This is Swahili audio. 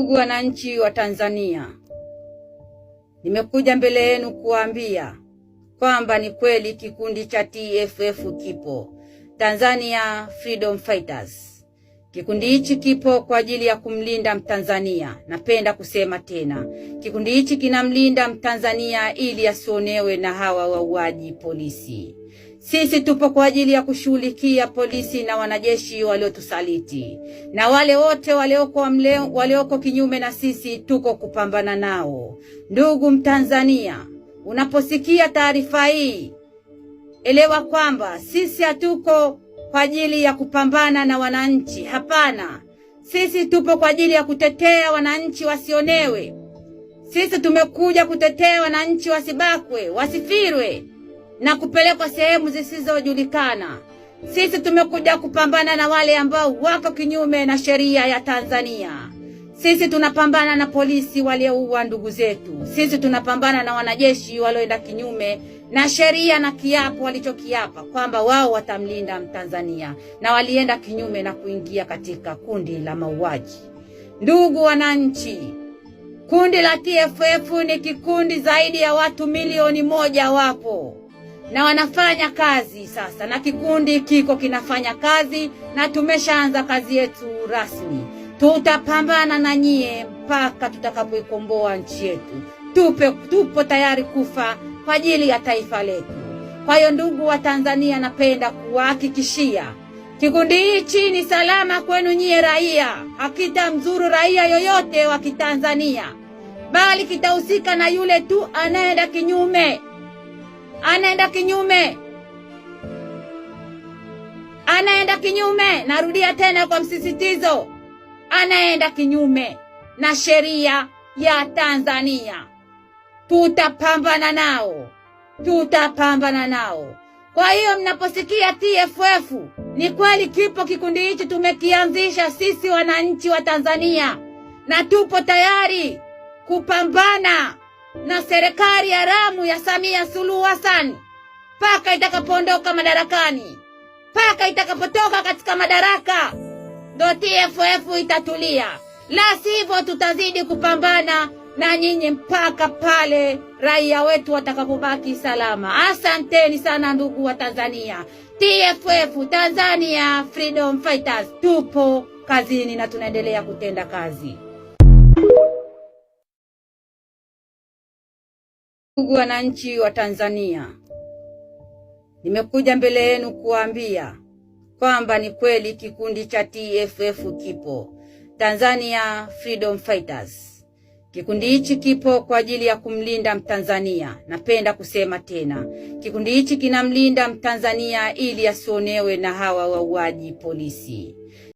Ndugu wananchi wa Tanzania, nimekuja mbele yenu kuwaambia kwamba ni kweli kikundi cha TFF kipo, Tanzania Freedom Fighters. Kikundi hichi kipo kwa ajili ya kumlinda Mtanzania. Napenda kusema tena, kikundi hichi kinamlinda Mtanzania ili asionewe na hawa wauaji polisi. Sisi tupo kwa ajili ya kushughulikia polisi na wanajeshi waliotusaliti na wale wote walioko walioko kinyume na sisi, tuko kupambana nao. Ndugu Mtanzania, unaposikia taarifa hii, elewa kwamba sisi hatuko kwa ajili ya kupambana na wananchi. Hapana, sisi tupo kwa ajili ya kutetea wananchi wasionewe. Sisi tumekuja kutetea wananchi wasibakwe, wasifirwe na kupelekwa sehemu zisizojulikana. Sisi tumekuja kupambana na wale ambao wako kinyume na sheria ya Tanzania. Sisi tunapambana na polisi walioua ndugu zetu. Sisi tunapambana na wanajeshi walioenda kinyume na sheria na kiapo walichokiapa kwamba wao watamlinda Mtanzania, na walienda kinyume na kuingia katika kundi la mauaji. Ndugu wananchi, kundi la TFF ni kikundi zaidi ya watu milioni moja wapo na wanafanya kazi sasa, na kikundi kiko kinafanya kazi, na tumeshaanza kazi yetu rasmi. Tutapambana na nyie mpaka tutakapoikomboa nchi yetu. Tupe, tupo tayari kufa kwa ajili ya taifa letu. Kwa hiyo, ndugu wa Tanzania, napenda kuwahakikishia kikundi hichi ni salama kwenu nyie raia, mzuru raia yoyote wa Kitanzania, bali kitahusika na yule tu anayeenda kinyume anaenda kinyume, anaenda kinyume. Narudia tena kwa msisitizo, anaenda kinyume na sheria ya Tanzania. Tutapambana nao, tutapambana nao. Kwa hiyo mnaposikia TFF, ni kweli kipo kikundi hichi, tumekianzisha sisi wananchi wa Tanzania na tupo tayari kupambana na serikali haramu ya Samia Suluhu Hassan mpaka itakapoondoka madarakani, mpaka itakapotoka katika madaraka, ndo TFF itatulia, la sivyo tutazidi kupambana na nyinyi mpaka pale raia wetu watakapobaki salama. Asanteni sana ndugu wa Tanzania. TFF Tanzania Freedom Fighters tupo kazini na tunaendelea kutenda kazi. Ndugu wananchi wa Tanzania, nimekuja mbele yenu kuwaambia kwamba ni kweli kikundi cha TFF kipo, Tanzania Freedom Fighters. Kikundi hichi kipo kwa ajili ya kumlinda Mtanzania. Napenda kusema tena, kikundi hichi kinamlinda Mtanzania ili asionewe na hawa wauaji polisi.